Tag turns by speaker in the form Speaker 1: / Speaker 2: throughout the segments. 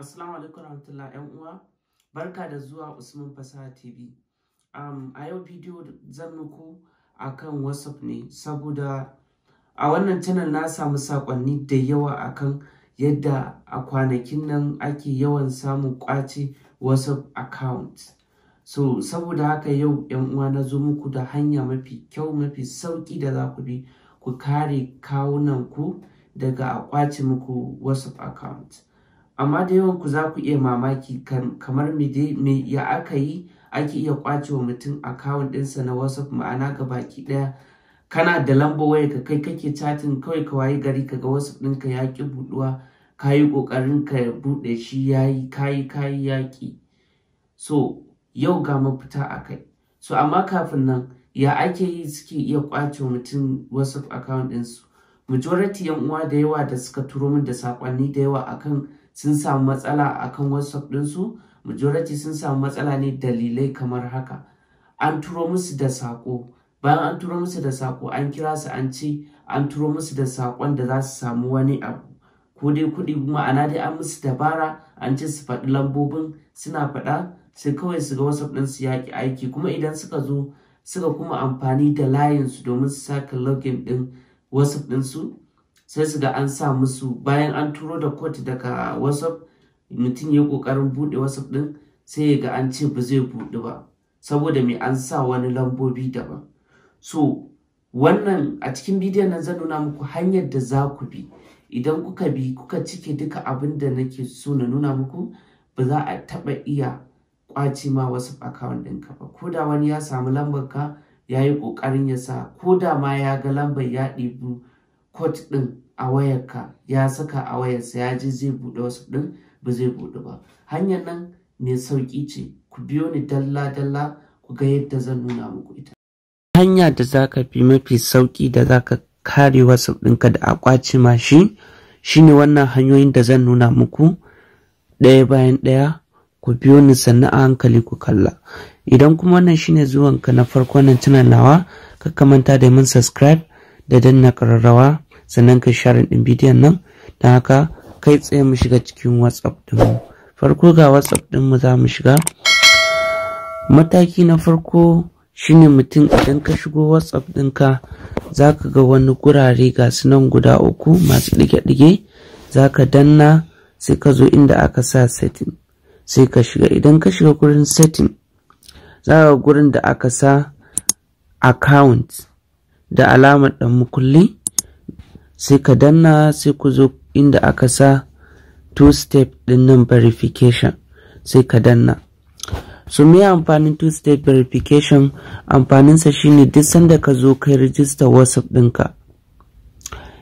Speaker 1: Assalamu alaikum warahmatullahi ƴan uwa. Barka da zuwa Usman Fasaha TV. Um, a yau bidiyo zan muku akan WhatsApp ne saboda a wannan channel na samu sakonni da yawa akan yadda a kwanakin nan ake yawan samun kwace WhatsApp account. So saboda haka yau ƴan uwa na zo muku da hanya mafi kyau mafi sauki da za ku bi ku kare kawunan ku daga a kwace muku WhatsApp account. amma da yawan ku za ku iya mamaki kamar me ya aka yi ake iya kwace wa mutum akawun ɗinsa na whatsapp ma'ana ga baki ɗaya kana da lamba waya ka kai kake chatin kawai ka wayi gari kaga whatsapp ɗinka ya ki buɗuwa ka yi ƙoƙarin ka buɗe shi yayi kayi kayi yaƙi so yau ga mafita a kai so amma kafin nan ya ake yi suke iya kwace mutum whatsapp account ɗinsu majority yan uwa da yawa da suka turo min da saƙonni da yawa akan sun samu matsala a kan whatsapp ɗinsu majority sun samu matsala ne dalilai kamar haka an turo musu da saƙo bayan an turo musu da saƙo an kira su an ce an turo musu da saƙon da za su samu wani abu ko dai kuɗi ma'ana dai an musu dabara an ce su faɗi lambobin suna faɗa sai kawai su ga whatsapp ɗin su yaƙi aiki kuma idan suka zo suka kuma amfani da layinsu domin su saka login ɗin whatsapp ɗinsu sai su ga an sa musu bayan an turo da kot daga whatsapp mutum ya kokarin buɗe whatsapp din sai ya ga an ce ba zai buɗe ba saboda mai an sa wani lambobi daban so wannan a cikin bidiyon nan zan nuna muku hanyar da za ku bi idan kuka bi kuka cike duka abin da nake so na nuna muku ba za a taɓa iya ƙwace ma wasu account ɗinka ba ko da wani ya samu lambar ka ya yi ƙoƙarin ya sa ko da ma ya ga lambar ya ɗibu kot ɗin a wayarka ya saka a wayarsa ya ji zai buɗe wasu ɗin ba zai buɗe ba hanyar nan mai sauƙi ce ku biyo ni dalla-dalla ku ga yadda zan nuna muku ita hanya da zaka ka fi mafi sauƙi da za kare wasu ɗinka da a ma shi shine wannan hanyoyin da zan nuna muku ɗaya bayan ɗaya ku biyo ni sannan a hankali ku kalla idan kuma wannan shine zuwanka na farko nan tunan nawa ka kamanta da mun subscribe da danna kararrawa sannan ka share din bidiyon nan dan haka kai tsaye mu shiga cikin whatsapp din farko ga whatsapp din mu za mu shiga mataki na farko shine mutum idan ka shigo whatsapp dinka, za ka ga wani gurare ga sunan guda uku masu ɗige-ɗige za danna sai ka zo inda aka sa setting sai ka shiga idan ka shiga gurin setting za ga gurin da aka sa account da alamar ɗan mukulli sai ka danna sai ku zo inda aka sa two step ɗin nan verification sai ka danna so me amfanin two step verification amfaninsa shine duk sanda ka zo kai rijista whatsapp ɗinka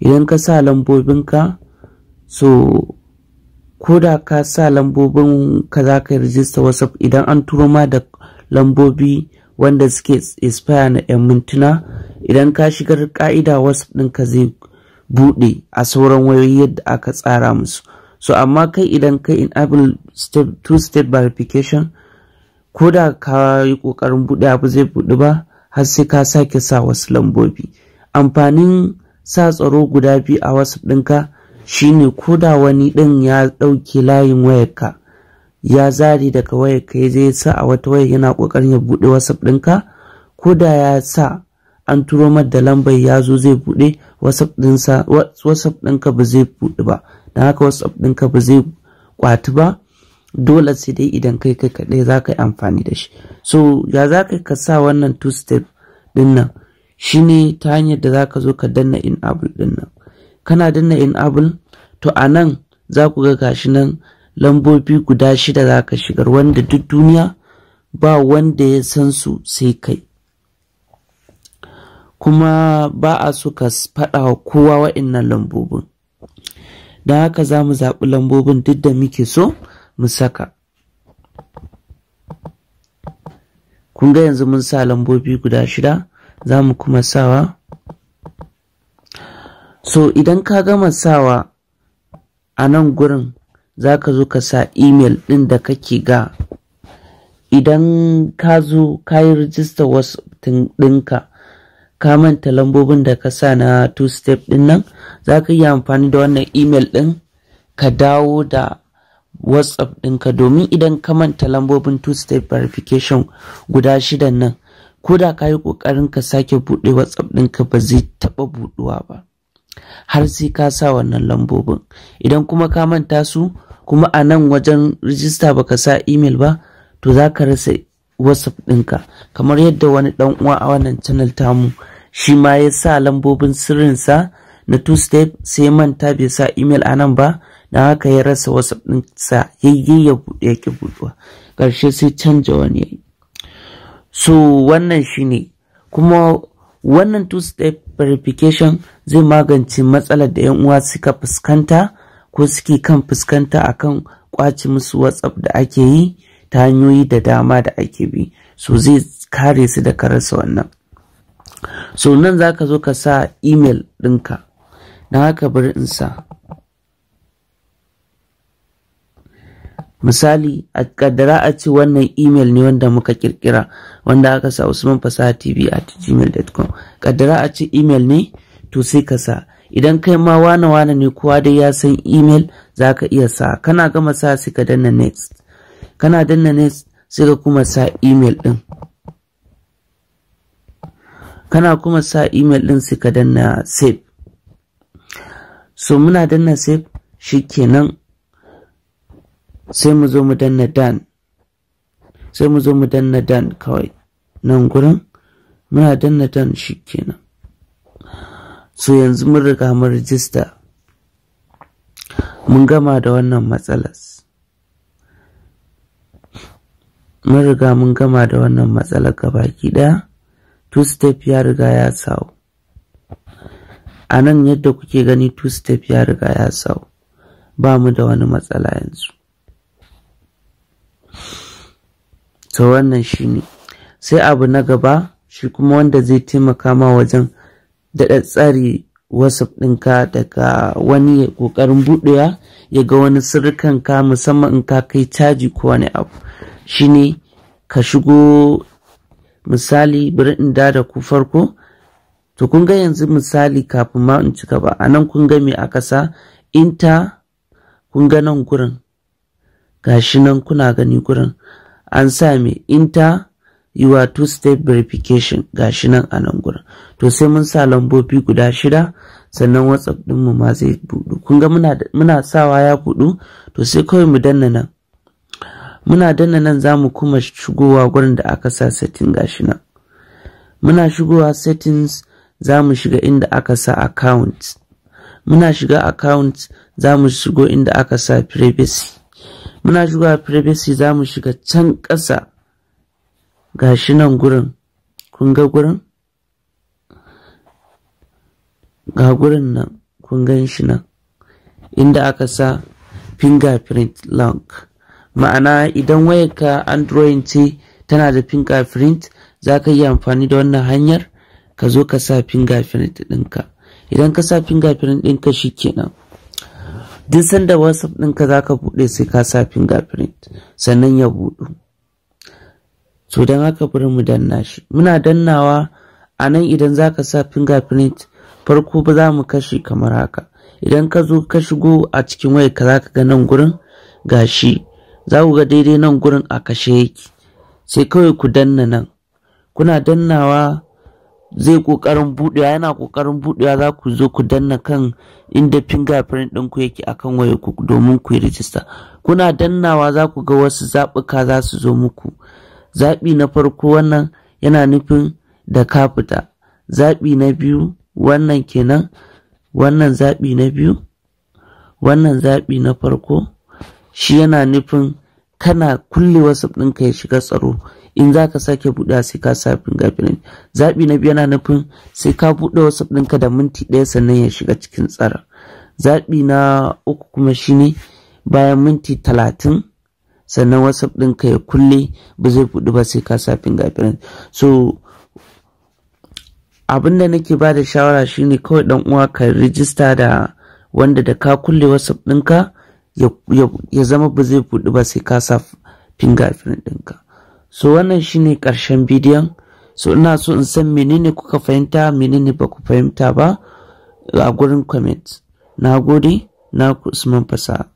Speaker 1: idan ka sa lambobinka so ko da ka sa lambobin ka za ka register whatsapp idan an turo ma da lambobi wanda suke expire na 'yan mintuna idan ka shigar ka'ida ɗin ka zai buɗe a sauran wayoyi yadda aka tsara musu so amma kai idan ka enable step two step verification ko da ka yi ƙoƙarin buɗe abu zai buɗe ba har sai ka sake sa wasu lambobi amfanin sa tsaro guda biyu a wasu ɗinka shine ko da wani ɗin ya ɗauke layin wayarka ya zari daga wayarka ya zai sa a wata wayar yana ƙoƙarin ya buɗe wasu ɗinka ko da ya sa an turo mar da lambar ya zo zai buɗe whatsapp ɗinka ba zai buɗe ba don haka whatsapp ɗinka ba zai kwati ba dole sai dai idan kai kai kaɗai za ka yi amfani da shi so ya za ka ka sa wannan two step ɗin nan shine ta hanyar da za ka zo ka danna enable ɗin nan kana danna in enable to a nan za ku ga gashi nan lambobi guda shida za ka shigar wanda duk duniya ba wanda ya san su sai kai kuma ba a suka ka faɗa wa kowa wa'innan lambobin don haka za mu zaɓi lambobin duk da muke so mu saka kun ga yanzu mun sa lambobi guda shida za mu kuma sawa so idan ka gama sawa a nan gurin za ka zo ka sa imel ɗin da kake ga idan ka zo ka yi rijistar wasu ɗinka ka manta lambobin da ka sa na two step ɗin nan za ka yi amfani da wannan email ɗin ka dawo da whatsapp ɗinka domin idan ka manta lambobin two step verification guda shidan nan ko da ka yi ƙoƙarin ka sake buɗe whatsapp ɗinka ba zai taɓa buɗuwa ba har sai ka sa wannan lambobin idan kuma ka manta su kuma a nan wajen rijista baka sa email ba to za ka rasa whatsapp ɗinka kamar yadda wani ɗan uwa a wannan channel tamu shi ma ya sa lambobin sirrin sa na two step sai manta bai sa email a nan ba da haka ya rasa whatsapp ɗinsa yayye ya buɗe ya buɗuwa ƙarshe sai canja wani yayi so wannan shine kuma wannan two step verification zai magance matsalar da 'yan uwa suka fuskanta ko suke kan fuskanta akan kwace musu whatsapp da ake yi ta hanyoyi da dama da ake bi so zai kare su da karasa wannan so nan za ka zo ka sa email ɗinka don haka bari in sa misali a kaddara a ce wannan email ne wanda muka kirkira wanda aka sa usman fasaha tv at gmail.com kaddara a ce email ne to sai ka sa idan kai ma wane wane ne kowa dai ya san email za ka iya sa kana gama sa sai ka danna next kana danna ne sai ka kuma sa email din kana kuma sa email din sai ka danna save so muna danna save shikenan sai mu zo mu danna dan sai mu zo mu danna dan kawai nan gurin muna danna dan shikenan so yanzu mun riga mun rijista mun gama da wannan matsalar mun riga mun gama da wannan matsalar gabaki ɗaya two step ya riga ya sau a nan yadda kuke gani two step ya riga ya sau ba mu da wani matsala yanzu to wannan shine sai abu na gaba shi kuma wanda zai taimaka ma wajen da tsari whatsapp ɗinka daga wani ƙoƙarin buɗewa ya ga wani ka musamman in ka kai caji ko wani abu shine ka shigo misali birin in da da ku farko to kun ga yanzu misali kafin ma in cika ba a nan kun ga me aka sa inta kun ga nan gurin gashi nan kuna gani gurin an sa me inta yiwa two step verification gashi nan a nan gurin to sai mun sa lambobi guda shida sannan whatsapp ɗinmu ma zai budu kun ga muna sawa ya budu to sai kawai mu danna nan muna danna nan za mu kuma shigowa gurin da aka sa setting gashi nan muna shigowa settings za mu shiga inda aka sa account muna shiga account za mu shigo inda aka sa privacy muna shiga privacy za mu shiga can ƙasa ga shi nan gurin kun ga gurin ga gurin nan kun gan shi nan inda aka sa fingerprint lock ma'ana idan wayarka android ce tana da fingerprint za ka yi amfani da wannan hanyar ka zo ka sa fingerprint ɗinka idan ka sa fingerprint ɗinka shi kenan duk sanda whatsapp ɗinka za ka buɗe sai ka sa fingerprint sannan ya buɗu so don haka bari mu danna shi muna dannawa a nan idan za ka sa fingerprint farko ba za mu kashe kamar haka idan ka zo ka shigo a cikin waya ka za ka ga nan gurin gashi za ku ga daidai nan gurin a kashe yake sai kawai ku danna nan kuna dannawa zai kokarin budewa yana kokarin budewa za ku zo ku danna kan inda fingerprint ɗinku yake akan waya ku domin ku yi rijista kuna dannawa za ku ga wasu zaɓuka za su zo muku zaɓi na farko wannan yana nufin da ka fita zaɓi na biyu wannan kenan wannan zaɓi na biyu wannan zaɓi na farko shi yana nufin kana kulle wasu ɗinka ya shiga tsaro in za ka sake buɗe sai ka sa fingerprint zaɓi na biyu yana nufin sai ka buɗe wasu ɗinka da minti ɗaya sannan ya shiga cikin tsara zaɓi na uku kuma shine bayan minti talatin sannan whatsapp ɗinka ya kulle ba zai fudu ba sai ka sa fingerprint so abin da nake ba da shawara shine kawai dan uwa ka rijista da wanda da ka kulle whatsapp ɗinka ya zama ba zai fudu ba sai ka sa fingerprint ɗinka so wannan shine karshen bidiyon so ina so in san menene kuka fahimta menene ba ku fahimta ba a gurin comment na gode na ku usman fasaha